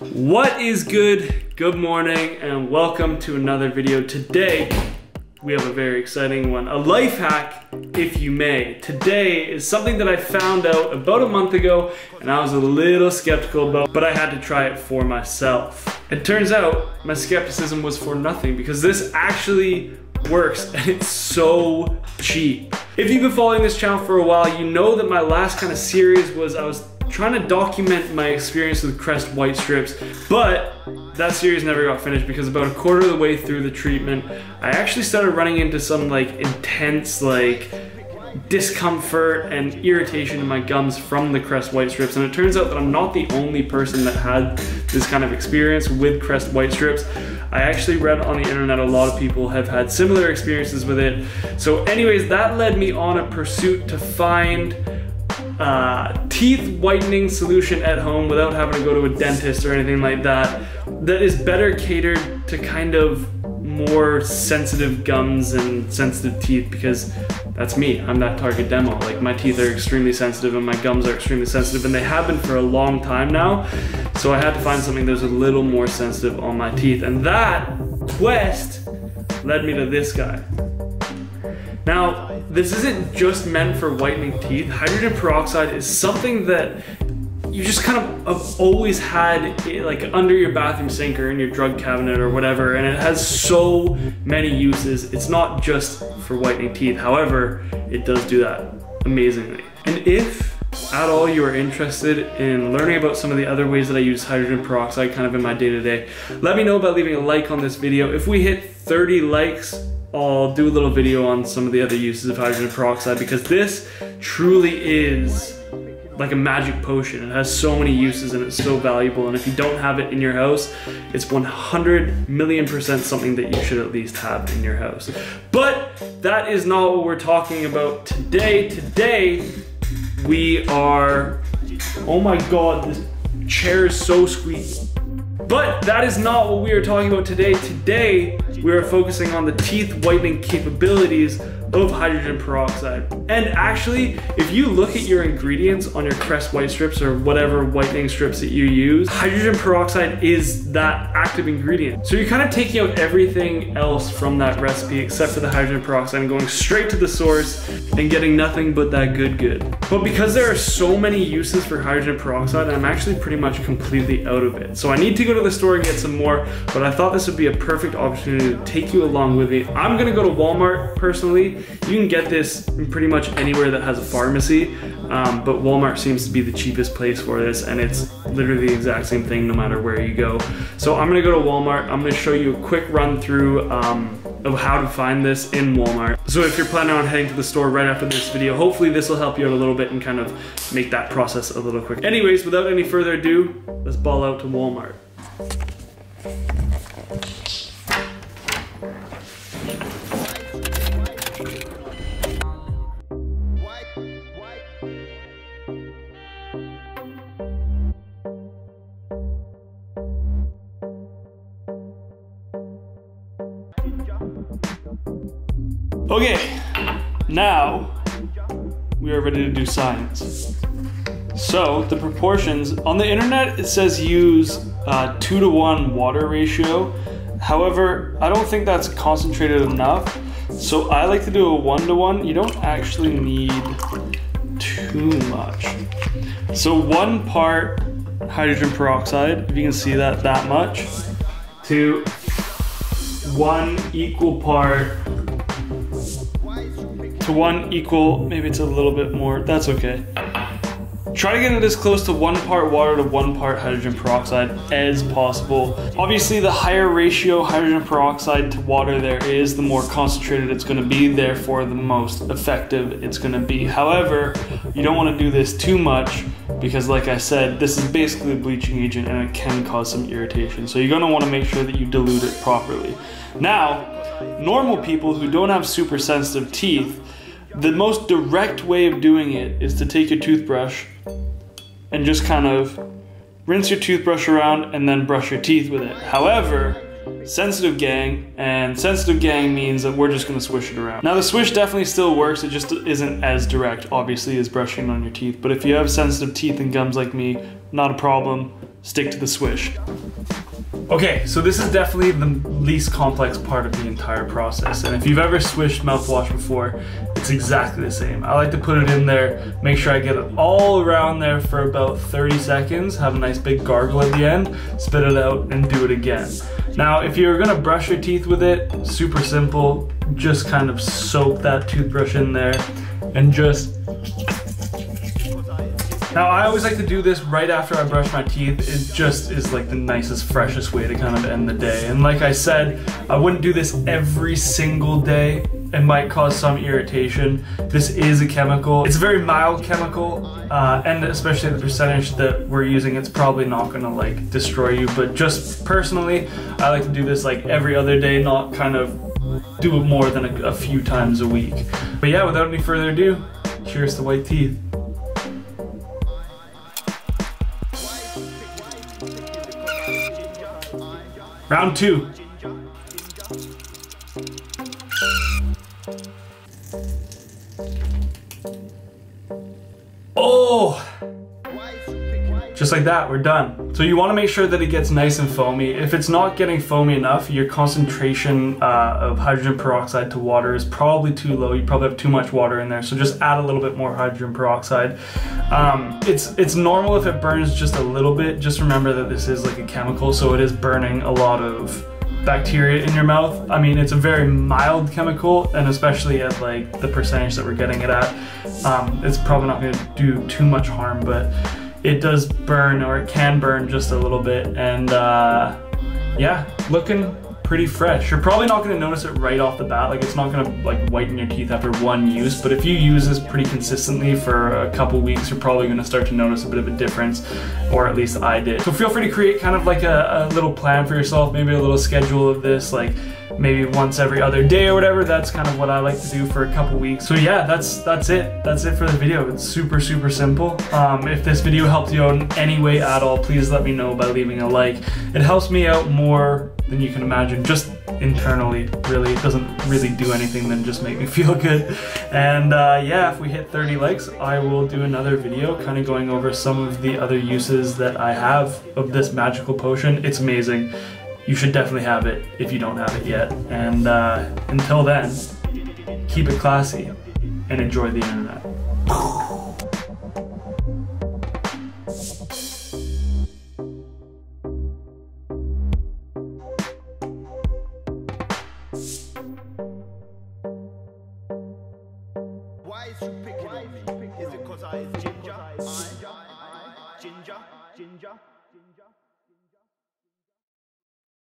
What is good? Good morning and welcome to another video. Today, we have a very exciting one. A life hack, if you may. Today is something that I found out about a month ago and I was a little skeptical about, but I had to try it for myself. It turns out my skepticism was for nothing because this actually works and it's so cheap. If you've been following this channel for a while, you know that my last kind of series was I was trying to document my experience with Crest white strips, but that series never got finished because about a quarter of the way through the treatment, I actually started running into some like intense like discomfort and irritation in my gums from the Crest White Strips. And it turns out that I'm not the only person that had this kind of experience with Crest White Strips. I actually read on the internet a lot of people have had similar experiences with it. So anyways, that led me on a pursuit to find uh, teeth whitening solution at home without having to go to a dentist or anything like that that is better catered to kind of more sensitive gums and sensitive teeth because that's me. I'm that target demo. Like my teeth are extremely sensitive and my gums are extremely sensitive and they have been for a long time now. So I had to find something that was a little more sensitive on my teeth. And that quest led me to this guy. Now, this isn't just meant for whitening teeth. Hydrogen peroxide is something that you just kind of have always had eh, like under your bathroom sink or in your drug cabinet or whatever and it has so many uses it's not just for whitening teeth however it does do that amazingly and if at all you are interested in learning about some of the other ways that I use hydrogen peroxide kind of in my day-to-day -day, let me know by leaving a like on this video if we hit 30 likes I'll do a little video on some of the other uses of hydrogen peroxide because this truly is like a magic potion. It has so many uses and it's so valuable. And if you don't have it in your house, it's 100 million percent something that you should at least have in your house. But that is not what we're talking about today. Today, we are, oh my God, this chair is so squeaky. But that is not what we are talking about today. Today, we are focusing on the teeth whitening capabilities of hydrogen peroxide. And actually, if you look at your ingredients on your Crest white strips or whatever whitening strips that you use, hydrogen peroxide is that active ingredient. So you're kind of taking out everything else from that recipe except for the hydrogen peroxide and going straight to the source and getting nothing but that good good. But because there are so many uses for hydrogen peroxide, I'm actually pretty much completely out of it. So I need to go to the store and get some more, but I thought this would be a perfect opportunity to take you along with me. I'm gonna go to Walmart personally you can get this pretty much anywhere that has a pharmacy, um, but Walmart seems to be the cheapest place for this and it's literally the exact same thing no matter where you go. So I'm gonna go to Walmart. I'm gonna show you a quick run through um, of how to find this in Walmart. So if you're planning on heading to the store right after this video, hopefully this will help you out a little bit and kind of make that process a little quicker. Anyways, without any further ado, let's ball out to Walmart. Okay, now we are ready to do science. So the proportions on the internet it says use uh, two to one water ratio. However, I don't think that's concentrated enough so I like to do a one-to-one. -one. You don't actually need too much. So one part hydrogen peroxide, if you can see that that much, to one equal part to one equal, maybe it's a little bit more, that's okay. Try to get it as close to one part water to one part hydrogen peroxide as possible. Obviously, the higher ratio hydrogen peroxide to water there is, the more concentrated it's gonna be, therefore the most effective it's gonna be. However, you don't wanna do this too much because like I said, this is basically a bleaching agent and it can cause some irritation. So you're gonna wanna make sure that you dilute it properly. Now, normal people who don't have super sensitive teeth, the most direct way of doing it is to take your toothbrush and just kind of rinse your toothbrush around and then brush your teeth with it. However, sensitive gang and sensitive gang means that we're just going to swish it around now the swish definitely still works it just isn't as direct obviously as brushing on your teeth but if you have sensitive teeth and gums like me not a problem stick to the swish okay so this is definitely the least complex part of the entire process and if you've ever swished mouthwash before it's exactly the same. I like to put it in there, make sure I get it all around there for about 30 seconds, have a nice big gargle at the end, spit it out and do it again. Now, if you're gonna brush your teeth with it, super simple, just kind of soak that toothbrush in there and just now I always like to do this right after I brush my teeth. It just is like the nicest, freshest way to kind of end the day. And like I said, I wouldn't do this every single day, and might cause some irritation. This is a chemical. It's a very mild chemical, uh, and especially the percentage that we're using, it's probably not gonna like destroy you, but just personally, I like to do this like every other day, not kind of do it more than a, a few times a week. But yeah, without any further ado, cheers to white teeth. Round two. Just like that, we're done. So you wanna make sure that it gets nice and foamy. If it's not getting foamy enough, your concentration uh, of hydrogen peroxide to water is probably too low. You probably have too much water in there. So just add a little bit more hydrogen peroxide. Um, it's, it's normal if it burns just a little bit. Just remember that this is like a chemical, so it is burning a lot of bacteria in your mouth. I mean, it's a very mild chemical, and especially at like the percentage that we're getting it at, um, it's probably not going to do too much harm. But it does burn or it can burn just a little bit. And uh, yeah, looking pretty fresh. You're probably not gonna notice it right off the bat, like it's not gonna like whiten your teeth after one use, but if you use this pretty consistently for a couple weeks, you're probably gonna start to notice a bit of a difference, or at least I did. So feel free to create kind of like a, a little plan for yourself, maybe a little schedule of this, like maybe once every other day or whatever. That's kind of what I like to do for a couple weeks. So yeah, that's that's it. That's it for the video. It's super, super simple. Um, if this video helped you in any way at all, please let me know by leaving a like. It helps me out more than you can imagine just internally really it doesn't really do anything than just make me feel good and uh, yeah if we hit 30 likes I will do another video kind of going over some of the other uses that I have of this magical potion it's amazing you should definitely have it if you don't have it yet and uh, until then keep it classy and enjoy the internet you picking on me? Is it cause I is ginger? I, I, I, ginger? Ginger?